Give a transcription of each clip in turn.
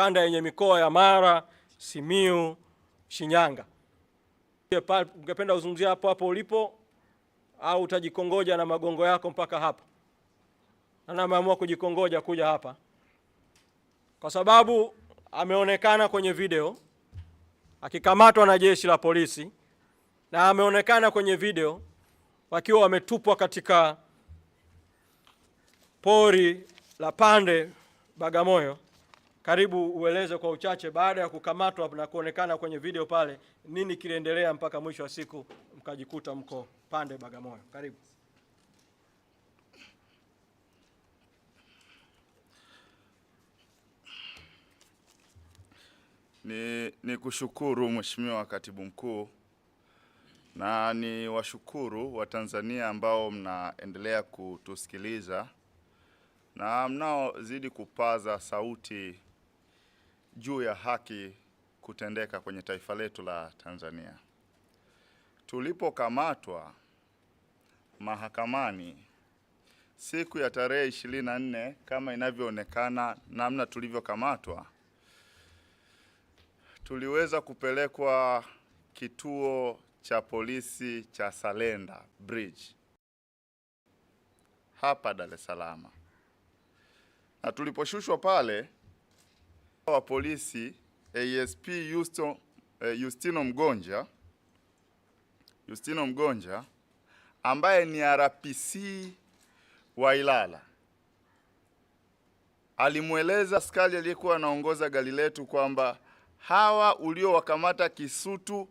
kanda yenye mikoa ya Mara, Simiu, Shinyanga. Ungependa uzungumzia hapo hapo ulipo au utajikongoja na magongo yako mpaka hapa? Na ameamua kujikongoja kuja hapa kwa sababu ameonekana kwenye video akikamatwa na jeshi la polisi na ameonekana kwenye video wakiwa wametupwa katika pori la Pande Bagamoyo. Karibu ueleze kwa uchache, baada ya kukamatwa na kuonekana kwenye video pale, nini kiliendelea mpaka mwisho wa siku mkajikuta mko Pande Bagamoyo? Karibu. Ni, ni kushukuru Mheshimiwa Katibu Mkuu na ni washukuru Watanzania ambao mnaendelea kutusikiliza na mnaozidi kupaza sauti juu ya haki kutendeka kwenye taifa letu la Tanzania. Tulipokamatwa mahakamani siku ya tarehe 24 kama inavyoonekana namna tulivyokamatwa, tuliweza kupelekwa kituo cha polisi cha Salenda Bridge hapa Dar es Salaam, na tuliposhushwa pale wa polisi ASP eh, e Justo, uh, eh, Justino Mgonja Justino Mgonja ambaye ni RPC wa Ilala alimweleza askari aliyekuwa anaongoza gari letu kwamba hawa uliowakamata Kisutu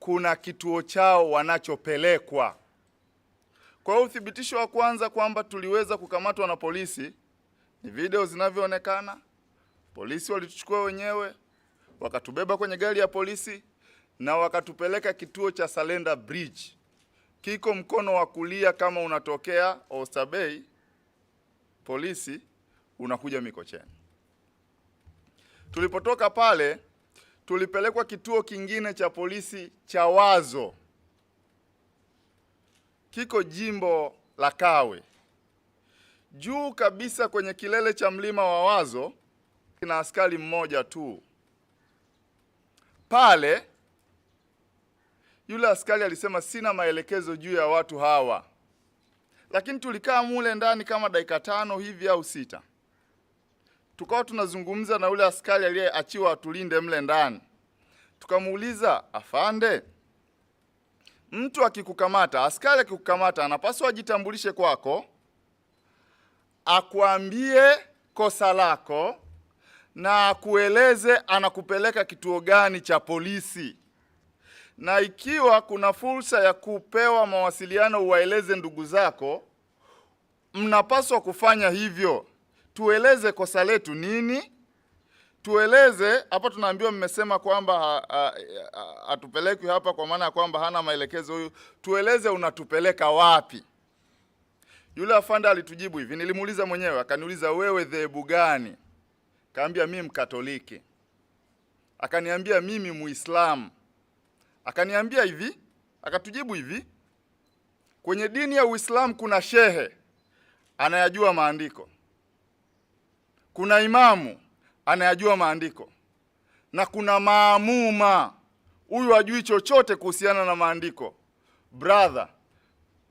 kuna kituo chao wanachopelekwa. Kwa hiyo uthibitisho wa kwanza kwamba tuliweza kukamatwa na polisi ni video zinavyoonekana Polisi walituchukua wenyewe, wakatubeba kwenye gari ya polisi na wakatupeleka kituo cha Salenda Bridge, kiko mkono wa kulia kama unatokea bay polisi unakuja Mikocheni. Tulipotoka pale, tulipelekwa kituo kingine cha polisi cha Wazo, kiko jimbo la Kawe, juu kabisa kwenye kilele cha mlima wa Wazo kina askari mmoja tu pale. Yule askari alisema sina maelekezo juu ya watu hawa, lakini tulikaa mule ndani kama dakika tano hivi au sita, tukawa tunazungumza na yule askari aliyeachiwa atulinde mle ndani. Tukamuuliza, afande, mtu akikukamata, askari akikukamata, anapaswa ajitambulishe kwako, akuambie kosa lako na akueleze anakupeleka kituo gani cha polisi, na ikiwa kuna fursa ya kupewa mawasiliano uwaeleze ndugu zako, mnapaswa kufanya hivyo. Tueleze kosa letu nini, tueleze hapa. Tunaambiwa mmesema kwamba hatupelekwi hapa, kwa maana ya kwamba hana maelekezo huyu. Tueleze unatupeleka wapi. Yule afanda alitujibu hivi, nilimuuliza mwenyewe, akaniuliza wewe dhehebu gani? kaambia mimi Mkatoliki, akaniambia mimi Muislamu, akaniambia hivi, akatujibu hivi, kwenye dini ya Uislamu kuna shehe anayajua maandiko, kuna imamu anayajua maandiko na kuna maamuma huyu hajui chochote kuhusiana na maandiko. Brother,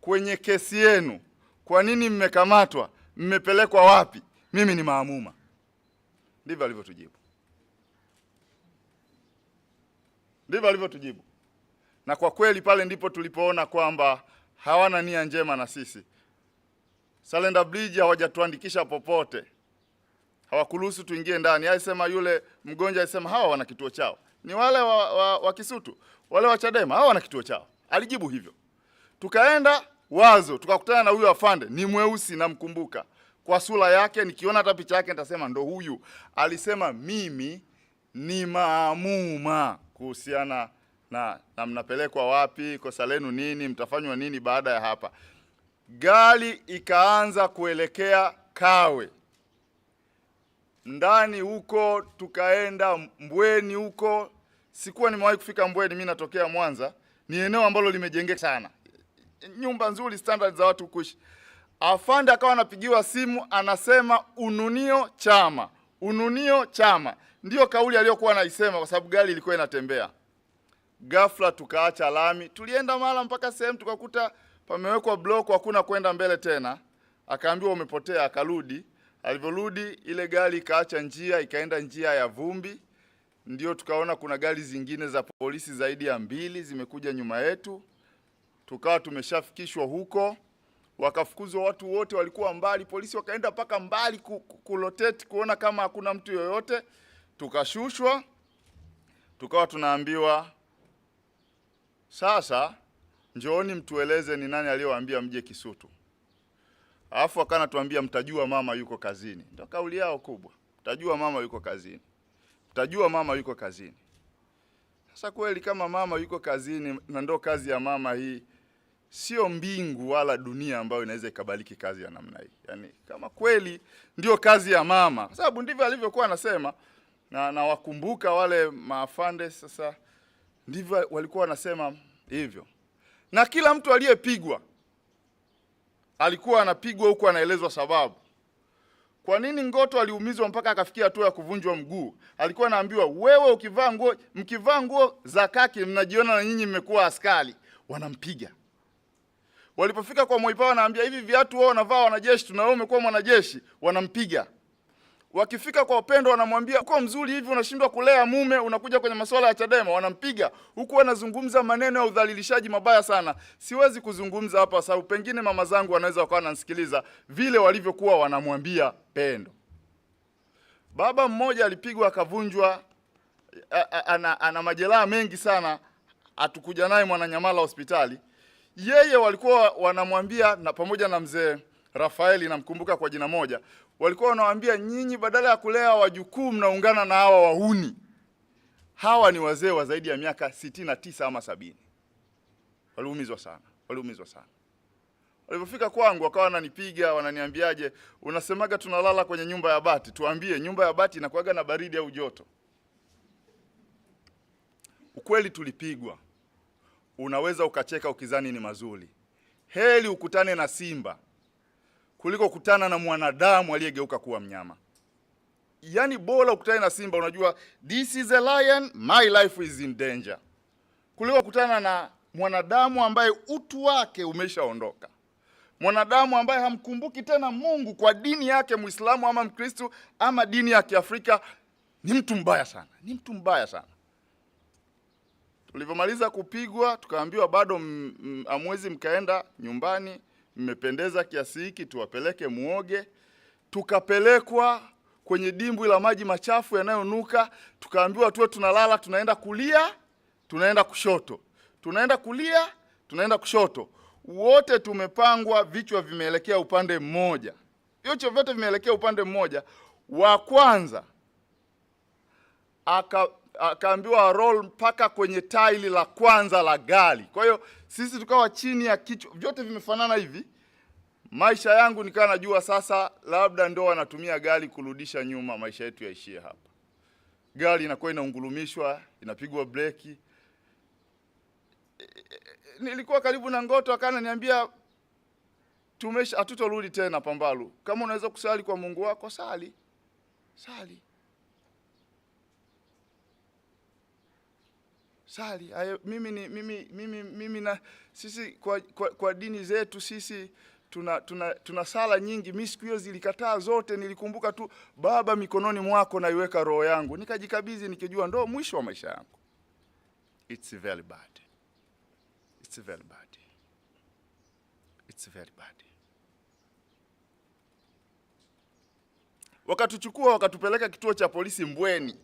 kwenye kesi yenu, kwa nini mmekamatwa? Mmepelekwa wapi? Mimi ni maamuma. Ndivyo alivyotujibu, ndivyo alivyotujibu. Na kwa kweli pale ndipo tulipoona kwamba hawana nia njema na sisi. Selander Bridge hawajatuandikisha popote, hawakuruhusu tuingie ndani. Alisema yule mgonjwa, alisema hawa wana kituo chao, ni wale wa, wa, wa Kisutu wale wa Chadema, hawa wana kituo chao. Alijibu hivyo, tukaenda Wazo tukakutana na huyo afande, ni mweusi namkumbuka kwa sura yake, nikiona hata picha yake nitasema ndo huyu. Alisema mimi ni maamuma kuhusiana na, na mnapelekwa wapi, kosa lenu nini, mtafanywa nini baada ya hapa. Gari ikaanza kuelekea Kawe ndani huko, tukaenda Mbweni huko. Sikuwa nimewahi kufika Mbweni, mimi natokea Mwanza. Ni eneo ambalo limejengeka sana, nyumba nzuri, standard za watu kuishi afande akawa anapigiwa simu, anasema ununio chama, ununio chama, ndiyo kauli aliyokuwa anaisema, kwa sababu gari ilikuwa inatembea. Ghafla tukaacha lami, tulienda mahala mpaka sehemu tukakuta pamewekwa block, hakuna kwenda mbele tena. Akaambiwa umepotea, akarudi. Alivyorudi ile gari ikaacha njia, ikaenda njia ya vumbi. Ndio tukaona kuna gari zingine za polisi zaidi ya mbili zimekuja nyuma yetu, tukawa tumeshafikishwa huko wakafukuzwa watu wote walikuwa mbali, polisi wakaenda mpaka mbali kulotate kuona kama hakuna mtu yoyote, tukashushwa, tukawa tunaambiwa sasa, njooni mtueleze ni nani aliyowaambia mje Kisutu. Alafu akana tuambia mtajua mama yuko kazini. Ndio kauli yao kubwa, mtajua mama yuko kazini, mtajua mama yuko kazini. Sasa kweli kama mama yuko kazini na ndo kazi ya mama hii sio mbingu wala dunia ambayo inaweza ikabaliki kazi ya namna hii. Yaani kama kweli ndio kazi ya mama, kwa sababu ndivyo alivyokuwa anasema, na nawakumbuka wale maafande sasa, ndivyo walikuwa wanasema hivyo, na kila mtu aliyepigwa alikuwa anapigwa huku anaelezwa sababu. Kwa nini Ngoto aliumizwa mpaka akafikia hatua ya kuvunjwa mguu? Alikuwa anaambiwa wewe, ukivaa nguo, mkivaa nguo za kaki mnajiona na nyinyi mmekuwa askari. Wanampiga Walipofika kwa Moipa wanaambia hivi viatu wao wanavaa wanajeshi, tunao umekuwa mwanajeshi, wanampiga. Wakifika kwa Upendo wanamwambia uko mzuri hivi unashindwa kulea mume, unakuja kwenye masuala ya Chadema, wanampiga. Huku wanazungumza maneno ya udhalilishaji mabaya sana. Siwezi kuzungumza hapa sababu pengine mama zangu wanaweza wakawa wanasikiliza vile walivyokuwa wanamwambia Pendo. Baba mmoja alipigwa akavunjwa, ana, ana majeraha mengi sana, atukuja naye Mwananyamala hospitali yeye walikuwa wanamwambia na pamoja na mzee Rafaeli, namkumbuka kwa jina moja, walikuwa wanawaambia nyinyi, badala ya kulea wajukuu mnaungana na hawa wahuni. Hawa ni wazee wa zaidi ya miaka sitina tisa ama sabini. Waliumizwa sana, waliumizwa sana. Walipofika kwangu wakawa wananipiga wananiambiaje, unasemaga tunalala kwenye nyumba ya bati, tuambie nyumba ya bati inakuwaga na baridi au joto? Ukweli tulipigwa unaweza ukacheka ukizani ni mazuri. heli ukutane na simba kuliko kutana na mwanadamu aliyegeuka kuwa mnyama. Yaani bora ukutane na simba, unajua this is a lion, my life is in danger, kuliko kutana na mwanadamu ambaye utu wake umeshaondoka, mwanadamu ambaye hamkumbuki tena Mungu kwa dini yake, Muislamu ama Mkristo ama dini ya Kiafrika. Ni mtu mbaya sana, ni mtu mbaya sana ulivyomaliza kupigwa tukaambiwa bado amwezi mkaenda nyumbani, mmependeza kiasi hiki, tuwapeleke muoge. Tukapelekwa kwenye dimbwi la maji machafu yanayonuka, tukaambiwa tuwe tunalala, tunaenda kulia, tunaenda kushoto, tunaenda kulia, tunaenda kushoto. Wote tumepangwa, vichwa vimeelekea upande mmoja, vichwa vyote vimeelekea upande mmoja. Wa kwanza aka akaambiwa roll mpaka kwenye taili la kwanza la gari. Kwa hiyo sisi tukawa chini ya kichwa, vyote vimefanana hivi. Maisha yangu nikawa najua sasa, labda ndo wanatumia gari kurudisha nyuma, maisha yetu yaishie hapa. Gari inakuwa inaungulumishwa, inapigwa breki. Nilikuwa karibu na Ngoto, niambia tumesha, hatutorudi tena Pambalu. Kama unaweza kusali kwa Mungu wako, sali sali. sali ayo, mimi ni mimi mimi mimi na sisi kwa, kwa, kwa dini zetu sisi tuna, tuna, tuna sala nyingi. Mimi siku hiyo zilikataa zote, nilikumbuka tu Baba, mikononi mwako naiweka roho yangu, nikajikabidhi nikijua ndo mwisho wa maisha yangu. It's very bad. It's very bad. It's very bad. Wakatuchukua wakatupeleka kituo cha polisi Mbweni.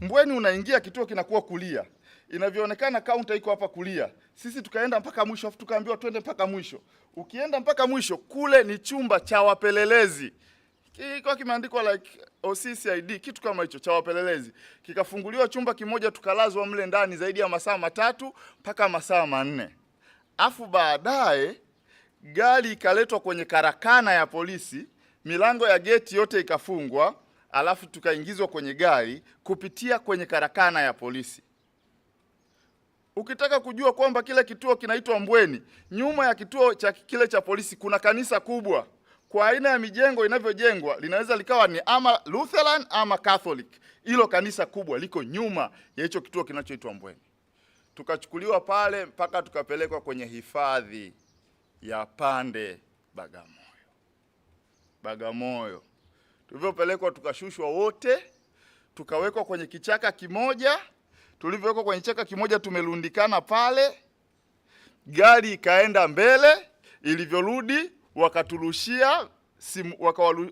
Mbweni unaingia kituo kinakuwa kulia inavyoonekana kaunta iko hapa kulia, sisi tukaenda mpaka mwisho, afu tukaambiwa twende mpaka mwisho. Ukienda mpaka mwisho kule ni chumba cha wapelelezi kilikuwa kimeandikwa like OCCID kitu kama hicho cha wapelelezi. Kikafunguliwa chumba kimoja, tukalazwa mle ndani zaidi ya masaa matatu mpaka masaa manne, afu baadaye gari ikaletwa kwenye karakana ya polisi, milango ya geti yote ikafungwa, alafu tukaingizwa kwenye gari kupitia kwenye karakana ya polisi. Ukitaka kujua kwamba kile kituo kinaitwa Mbweni, nyuma ya kituo cha kile cha polisi kuna kanisa kubwa. Kwa aina ya mijengo inavyojengwa linaweza likawa ni ama Lutheran ama Catholic. Hilo kanisa kubwa liko nyuma ya hicho kituo kinachoitwa Mbweni. Tukachukuliwa pale mpaka tukapelekwa kwenye hifadhi ya Pande Bagamoyo. Bagamoyo tulivyopelekwa, tukashushwa wote, tukawekwa kwenye kichaka kimoja tulivyowekwa kwenye cheka kimoja, tumerundikana pale, gari ikaenda mbele, ilivyorudi wakatulushia simu,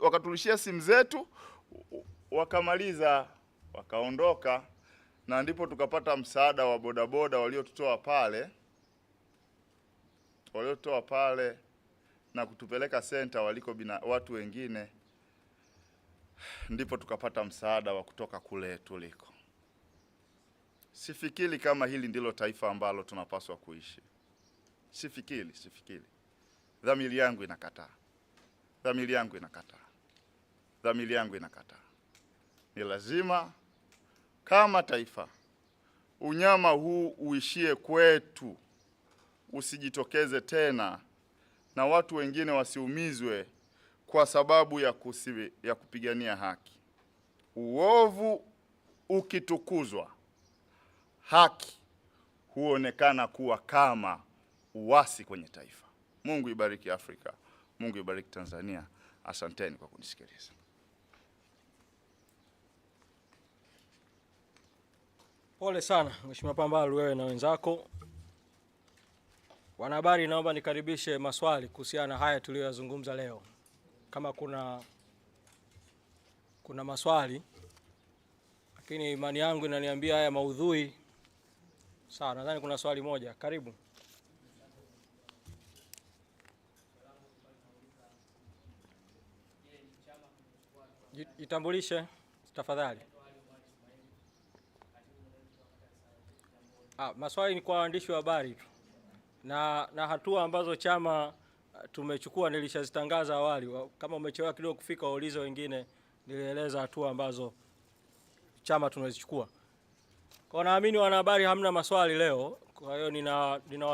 wakatulushia simu zetu, wakamaliza wakaondoka, na ndipo tukapata msaada wa bodaboda waliotutoa pale, waliotoa pale na kutupeleka senta waliko bina, watu wengine, ndipo tukapata msaada wa kutoka kule tuliko. Sifikiri kama hili ndilo taifa ambalo tunapaswa kuishi. Sifikiri, sifikiri. Dhamiri yangu inakataa, dhamiri yangu inakataa, dhamiri yangu inakataa. Ni lazima kama taifa unyama huu uishie kwetu, usijitokeze tena na watu wengine wasiumizwe kwa sababu ya, kusibi, ya kupigania haki. Uovu ukitukuzwa haki huonekana kuwa kama uasi kwenye taifa. Mungu ibariki Afrika, Mungu ibariki Tanzania. Asanteni kwa kunisikiliza. Pole sana Mheshimiwa Pambalu, wewe na wenzako. Wanahabari, naomba nikaribishe maswali kuhusiana na haya tuliyoyazungumza leo. Kama kuna kuna maswali, lakini imani yangu inaniambia haya maudhui Sawa, nadhani kuna swali moja. Karibu. Jitambulishe tafadhali. Ah, maswali ni kwa waandishi wa habari tu na, na hatua ambazo chama ah, tumechukua nilishazitangaza awali. Kama umechelewa kidogo kufika, waulize wengine. Nilieleza hatua ambazo chama tunazichukua. Kwa naamini wanahabari hamna maswali leo, kwa hiyo nina, nina